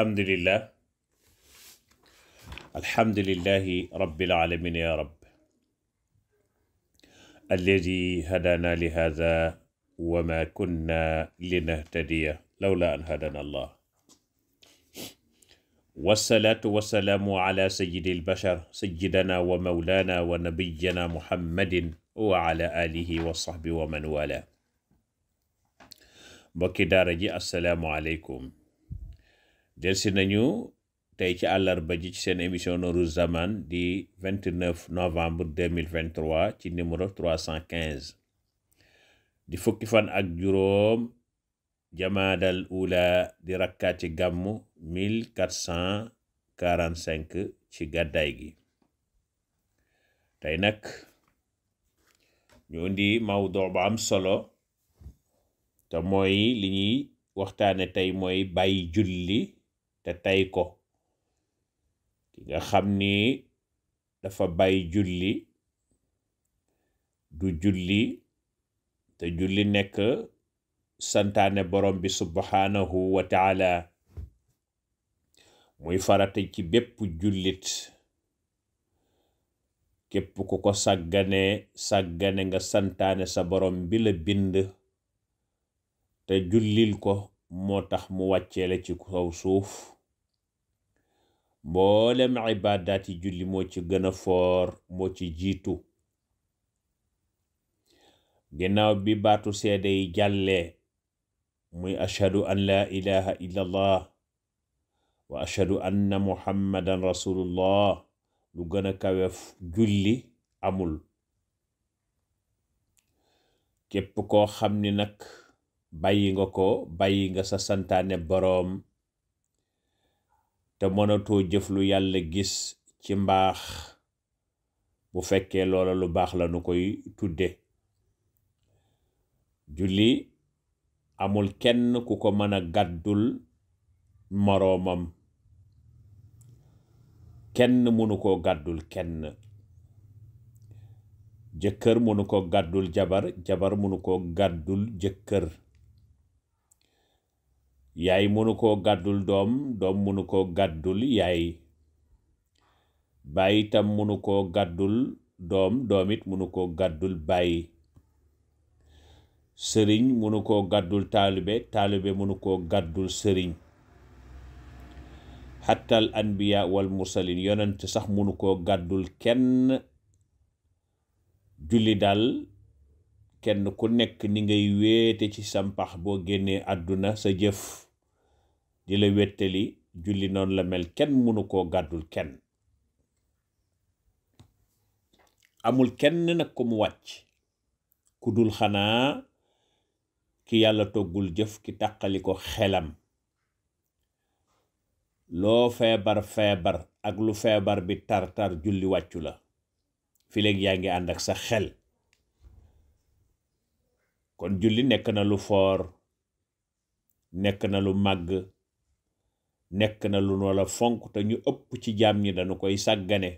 alhamdulillah alhamdulillahi rabbil alamin ya rab alladi hadana li hada wa ma kunna linahtadiya lawla an hadana allah wasalaatu wasalaamu ala sayidi albashar sayidana wa maulana wa nabiyana muhammadin wa ala alihi wa sahbi wa man wala mbokki daara ji assalaamu aleykum delsi nañu tey ci àllarba ji ci seen émission Nooru Zaman di 29 novembre 2023 ci numéro 315 di fukki fan ak juróom jamaadal ula di rakkaat ci gàmmu 1445 ci gàddaay gi tey nag ñu indi mawdo bu am solo te mooy li ñuy waxtaane tey mooy bàyyi julli tey ko ki nga xam ni dafa bàyyi julli du julli te julli nekk santaane borom bi subhanahu wa taala muy farata ci bépp jullit képp ku ko sàggane sàggane nga santaane sa borom bi la bind te jullil ko moo tax mu wàccee la ci kaw suuf mboolem ibaadaat yi julli moo ci gën a foor moo ci jiitu ginnaaw bi baatu seede yi jàllee muy ashhadu an laa ilaha illa allah wa ashhadu anna muhammadan rasulullah lu gëna a kaweef julli amul képp koo xam ni nag bàyyi ko bàyyi nga sa santaane boroom te mënatoo jëf lu yàlla gis ci mbaax bu fekkee loola lu baax la nu koy tudde julli amul kenn ku ko mën a gàddul moroomam kenn mënu ko gàddul kenn jëkkër mënu ko gàddul jabar jabar mënu ko gàddul jëkkër yaay mënu ko gàddul doom doom mënu ko gàddul yaay baay itam mënu gàddul doom doom it mënu koo gàddul baay sëriñ mënu koo gàddul taalibe taalibe mënu koo gàddul sëriñ xattaal anbiya wal mursalin yonent sax mënu ko gàddul kenn julli daal kenn ku nekk ni ngay wéete ci sampax boo génnee àdduna sa jëf di la wettali julli noonu la mel kenn mënu koo gàddul kenn amul kenn nag ko mu wàcc ku dul xanaa ki yàlla toggul jëf ki tàqali ko xelam loo feebar feebar ak lu feebar bi tar-tar julli wàccu la fileeg yaa ngi ànd ak sa xel kon julli nekk na lu foor nekk na lu màgg nekk na lu noo la fonk te ñu ëpp ci jaam ñi dañu koy sàggane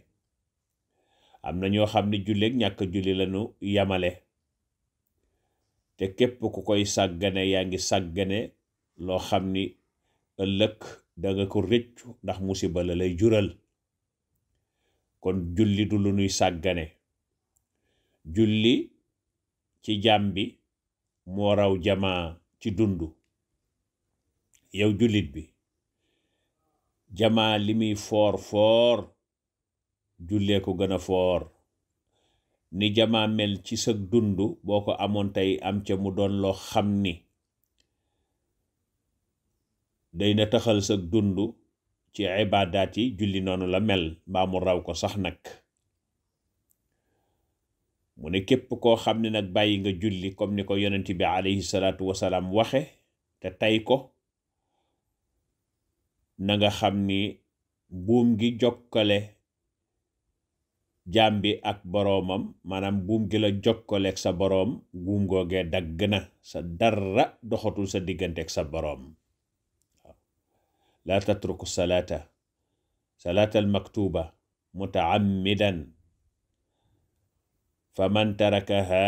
am na ñoo xam ne julleeg ñàkk julli lañu yamale te képp ku koy sàggane yaa ngi sàggane loo xam ni ëllëg danga ko rëccu ndax musiba la lay jural kon jullitu du lu nuy sàggane julli ci jaam bi moo raw jamaa ci dund yow jullit bi jamaa li muy foor foor jullee ko gën a foor ni jamaa mel ci sa dund boo ko amoon tey am ca mu doon loo xam ni day na taxal sa dund ci ibaadaat yi julli noonu la mel mbaa mu raw ko sax nag mu ne képp koo xam ne nag bàyyi nga julli comme ni ko yonent bi alayhi salaatu waxe te tey ko na nga xam ni buum gi jokkale jaam bi ak boroomam maanaam buum gi la jokkaleeg sa boroom buum googee dagg na sa dara doxatul sa digganteek sa boroom laa tatruku salaata salaata almaktuba mutaammidan fa man tarakaha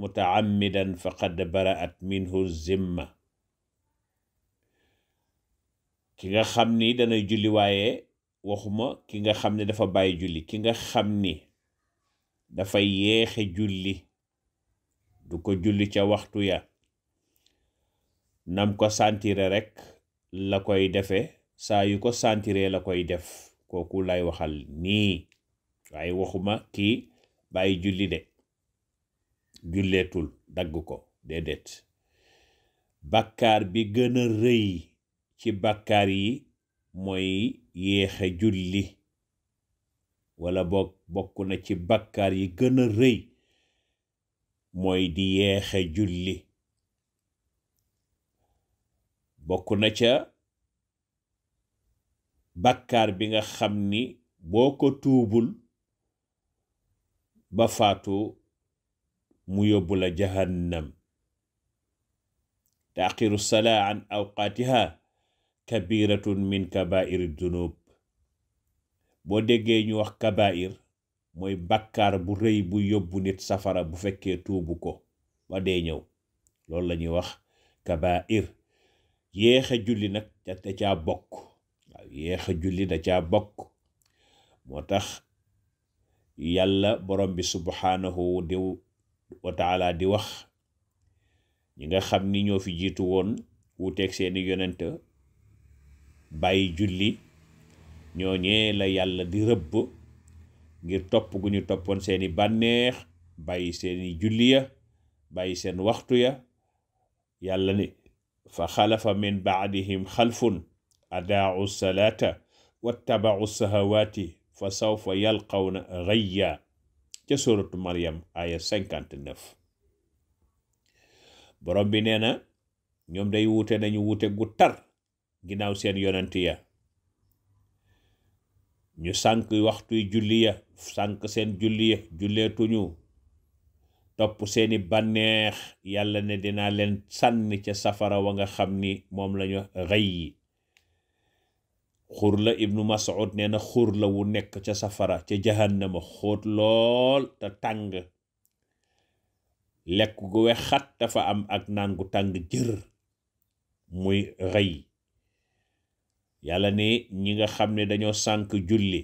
mutaammidan faqad baraat minhu zimma ki nga xam ni danay julli waaye waxuma ki nga xam ni dafa bàyyi julli ki nga xam ni dafa yeexe julli du ko julli ca waxtu ya nam ko santire rekk la koy defe saa yu ko santire la koy def kooku lay waxal nii waaye waxuma ki bàyyi julli de julleetul dagg ko déedéet bàkkaar bi gën a rëy ci bakkaar yi mooy yéexe julli wala bokk na ci bàkkaar yi gën a rëy mooy di yeexe julli bokk na ca bakkaar bi nga xam ni boo ko tuubul ba faatu mu yóbbu la jahannam taaxiru salaa an awqaatiha kabiratun min kabairi dunub boo déggee ñu wax kabair mooy bàkkaar bu rëy bu yóbbu nit safara bu fekkee tuubu ko ba dee ñëw loolu la ñuy wax kabair yéexa julli nag da caa bokk waaw yéexa julli da caa bokk moo tax yàlla boroom bi subhaanahu di wa taala di wax ñi nga xam ni ñoo fi jiitu woon wuuteeg seeni yonent bàyyi julli ñooñee la yàlla di rëbb ngir topp gu ñu toppoon seeni bànneex bàyyi seeni julli ya bàyyi seen waxtu ya yàlla ni fa xalafa min baadihim xalfun adaau salaata wattabau sahawaati fa sawfa yalqawna gayya ca suratu maryam aya 59 borom bi nee ñoom day wuute nañu wuute gu tar ginnaaw seen yonent ya ñu sànk waxtuy julli ya sànk seen julli ya julleetuñu topp seeni bànneex yàlla ne dinaa leen sànni ca safara wa nga xam ni moom lañu xëy yi xur la ibnu mas'ud nee xur la wu nekk ca safara ca jahannama xóot lool te tàng lekk gu wexat dafa am ak naan gu tàng jër muy xëy yàlla ne ñi nga xam ne dañoo sànk julli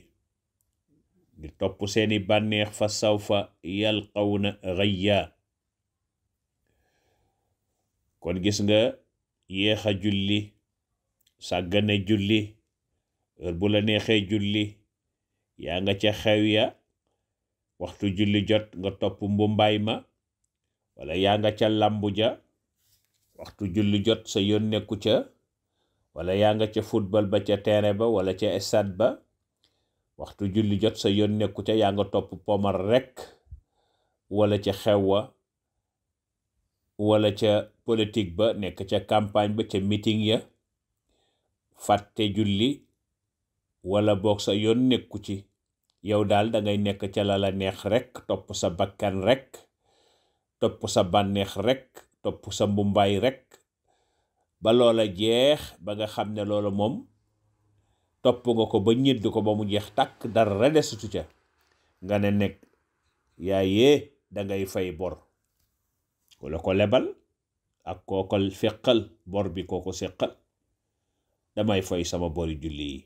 ngir topp seeni bànneex fa sawfa yalqawna ghayya kon gis nga yéex a julli sàggane julli heure bu la neexee julli yaa nga ca xew ya waxtu julli jot nga topp mbumbaay ma walla yaa nga ca làmbu ja waxtu julli jot sa yoon nekku ca wala yaa nga ca football ba ca terrain ba wala ca stade ba waxtu julli jot sa yoon nekku ca yaa nga topp pomar rekk wala ca xew wa wala ca politique ba nekk ca campagne ba ca meeting ya fàtte julli wala boog sa yoon nekku ci yow daal da ngay nekk ca la la neex rekk topp sa bakkan rekk topp sa bànneex rekk topp sa mbumbaay rekk ba a jeex ba nga xam ne loolu moom topp nga ko ba ñedd ko ba mu jeex takk dara desatu ca nga ne nekk yaaye dangay fay bor ku la ko lebal ak koo ko feqal bor bi koo ko seqal damay fay sama bori julli yi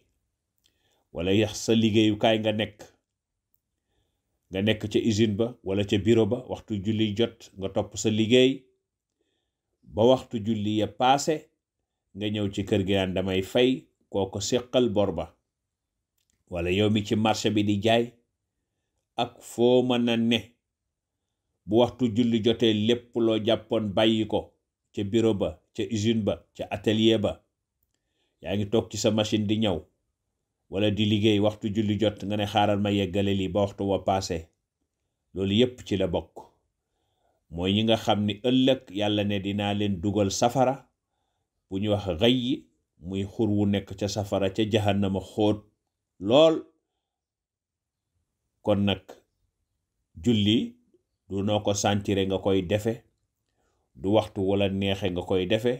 wala yax sa liggéeyukaay nga nekk nga nekk ca usine ba wala ca bureau ba waxtu julli jot nga topp sa liggéey ba waxtu julli ya paase nga ñëw ci kër gi naan damay fay kooko séqal bor ba wala yow mi ci marché bi di jaay ak foo mën a ne bu waxtu julli jotee lépp loo jàppoon bàyyi ko ca bureau ba ca usine ba ca atelier ba yaa ngi toog ci sa machine di ñëw wala di liggéey waxtu julli jot nga ne xaaral ma yeggale lii ba waxtu wa paase loolu yépp ci la bokk mooy ñi nga xam ni ëllëg yàlla ne dinaa leen dugal safara bu ñu wax xëy muy xur wu nekk ca safara ca jahannama xóot lool kon nag julli du noo ko santire nga koy defe du waxtu wala neexe nga koy defe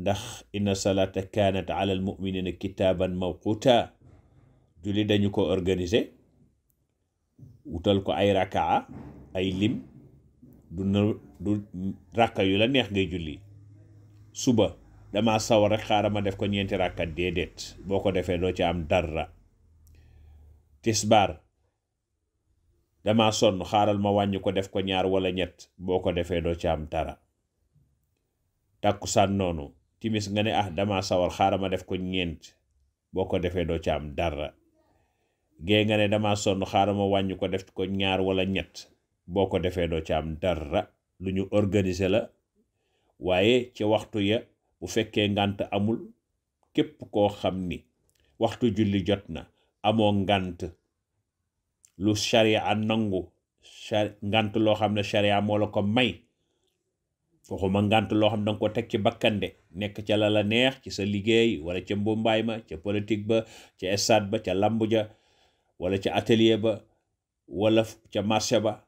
ndax inna salaata kaanat ala al muminina kitaaban mawquta julli dañu ko organiser wutal ko ay rakaa ay lim du na du ràkka yu la neex ngay julli suba dama sawar rek xaaral ma def ko ñeenti ràkka déedéet boo ko defee doo ci am dara tisbaar dama sonn xaaral ma wàññi ko def ko ñaar wala ñett boo ko defee doo ci am dara tàkkusaan noonu timis nga ne ah dama sawar xaaral ma def ko ñeent boo ko defee doo ci am dara gée nga ne damaa sonn xaaral ma wàññi ko def ko ñaar walla ñett boo ko defee doo ci am dara lu ñu organiser la waaye ca waxtu ya bu fekkee ngànt amul képp koo xam ni waxtu julli jot na amoon ngant lu sharia nangu ngànt loo xam ne sharia moo la ko may waxuma ngànt loo xam danga ko teg ci bakkande nekk ca la la neex ci sa liggéey wala ca mbumbaay ma ca politique ba ca stade ba ca lamb ja wala ca atelier ba wala ca marché ba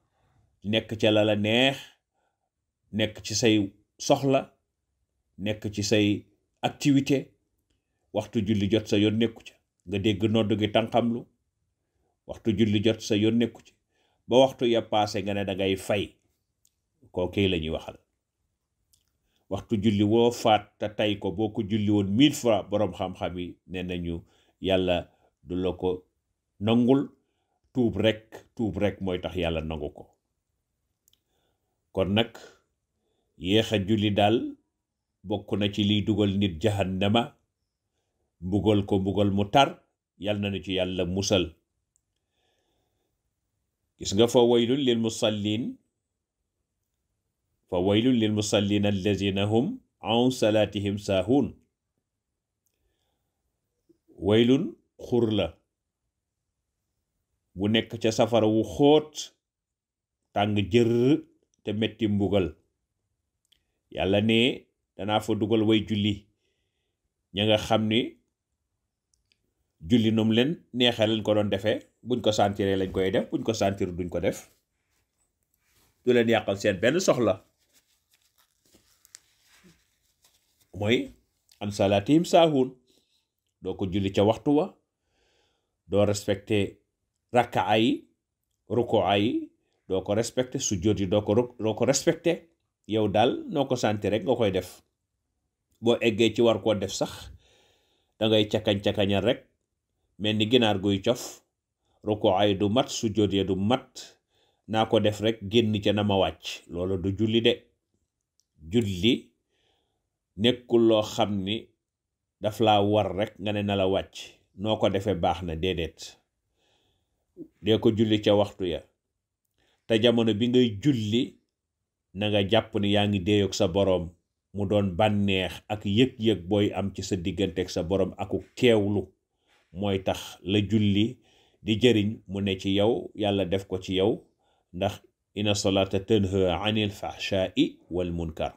nekk ca la la neex nekk ci say soxla nekk ci say activité waxtu julli jot sa yoon nekku ca nga dégg nodd gi tànqamlu waxtu julli jot sa yoon nekku ci ba waxtu ya paase nga ne da ngay fay kookii la ñuy waxal waxtu julli woo faat te tay ko boo ko julli woon mille fois boroom xam-xam yi ne nañu yàlla du la ko nangul tuub rek tuub rek mooy tax yàlla nangu ko kon nag yéex a julli daal bokk na ci liy dugal nit jahannama mbugal ko mbugal mu tar yal na nu ci yàlla musal gis nga fa waylun lil musallin fa waylun lil musallin allazina hum waylun xur la bu nekk ca safara wu xóot tàng jër te metti mbugal yàlla ne danaa fa dugal way julli ña nga xam ni julli num leen neexee lañ ko doon defee buñ ko sentiree lañ koy def buñ ko sentir duñ ko def du leen yàqal seen benn soxla mooy an salaatihim saahuun doo ko julli ca waxtu wa doo respecté rakkaa yi rukkoo yi doo ko respecté su jóot yi doo ko doo ko respecté yow daal noo ko santi rek nga koy def boo eggee ci war koo def sax dangay cakañ-cakañal rek mel ni ginaar guy cof ruko ay du mat su jot ya du mat naa ko def rek génn ca na ma wàcc loolu du julli de julli nekkul loo xam ni daf laa war rek nga ne na wàcc noo ko defee baax na déedéet dee ko julli ca waxtu ya te jamono bi ngay julli nanga jàpp ne yaa ngi deeyoog sa boroom mu doon bànneex ak yëg-yëg booy am ci sa digganteeg sa boroom aku keewlu mooy tax la julli di jëriñ mu ne ci yow yàlla def ko ci yow ndax inna salaata tanha anil fahshaa'i wal munkar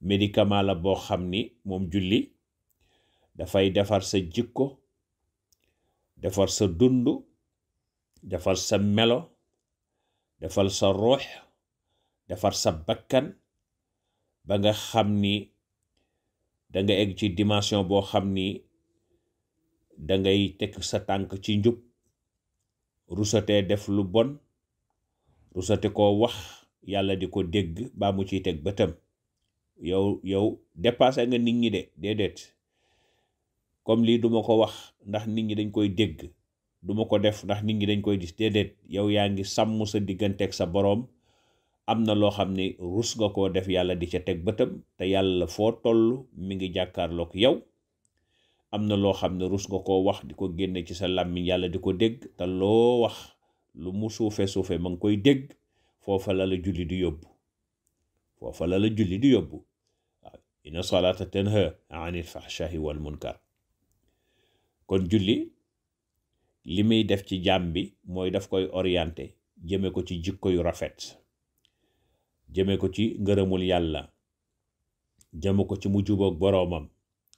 médicament la boo xam ni moom julli dafay defar sa jikko defar sa dund defar sa melo defal sa ruux defar sa bakkan ba nga xam ni da nga egg ci dimension boo xam ni da ngay teg sa tànk ci njub rusatee def lu bon rusate koo wax yàlla di ko dégg baa mu ciy teg bëtam yow yow dépassé nga nit ñi de déedéet comme lii duma ko wax ndax nit ñi dañ koy dégg duma ko def ndax nit ñi dañ koy gis déedéet yow yaa ngi sàmm sa digganteeg sa boroom am na loo xam ne rus nga koo def yàlla di ca teg bëtam te yàlla foo toll mi ngi jàkkaarlook yow am na loo xam ne rus nga koo wax di ko génne ci sa làmmiñ yàlla di ko dégg te loo wax lu mu suufe suufe ma ngi koy dégg foofa la la julli di yóbbu foofa la la julli di yóbbu waaw inna salaata tanha anil fahshahi wal munkar kon julli li muy def ci jaam bi mooy daf koy oriente jëme ko ci jikko yu rafet jëme ko ci ngërëmul yàlla jëme ko ci mu jubook boroomam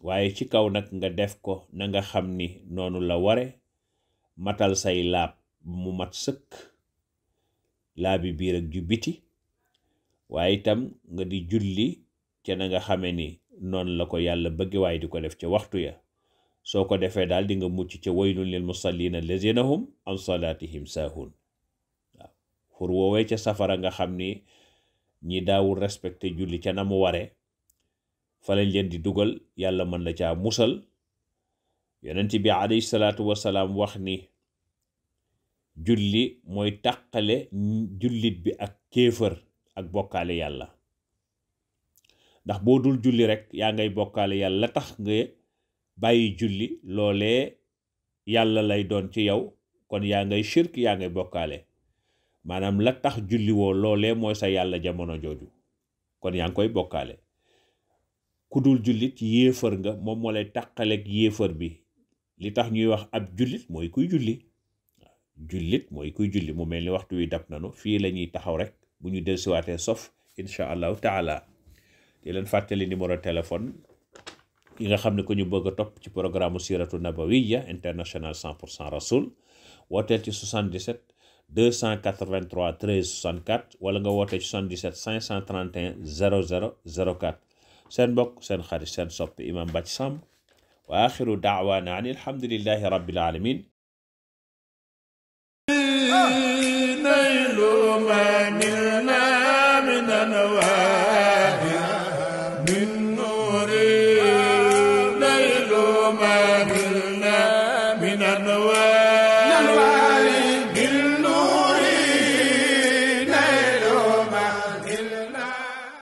waaye ci kaw nag nga def ko na nga xam ni noonu la ware matal say laab mu mat sëkk laabi biir ak ju biti waaye itam nga di julli ca na nga xame ni noonu la ko yàlla bëgg waaye di ko def ca waxtu ya soo ko defee daal di nga mucc ca waylun lil musallina lazina hum an salatihim sahun waaw pour woowee ca safara nga xam ni ñi daawul respecté julli ca na mu waree fa lañ leen di dugal yàlla mën na caa musal yonent ci alayhi salaatu wasalaam wax ni julli mooy tàqale jullit bi ak kéefër ak bokkaale yàlla ndax boo dul julli rek yaa ngay bokkaale yàlla la tax nga bàyyi julli loolee yàlla lay doon ci yow kon yaa ngay shirk yaa ngay bokkaale maanaam la tax julli woo loolee mooy sa yàlla jamono jooju kon yaa ngi koy bokkaale ku dul jullit yéefar nga moom moo lay tàqaleeg yéefar bi li tax ñuy wax ab jullit mooy kuy julli jullit mooy kuy julli mu mel ni waxtu wi dab nanu fii la ñuy taxaw rek bu ñu dellusiwaatee sof incha allahu taala di leen fàttali numéro téléphone ki nga xam ne ku ñu bëgg a topp ci programme siratu nabawiya international 100 pour cent rasul wooteel ci 77 283 13 64 wala nga wootee ci 77 531 00 04 seen mbokk seen xarit seen soppi imam Bathie Samb wa axiru daawaana an alhamdulillahi rabbil alamin نيل ما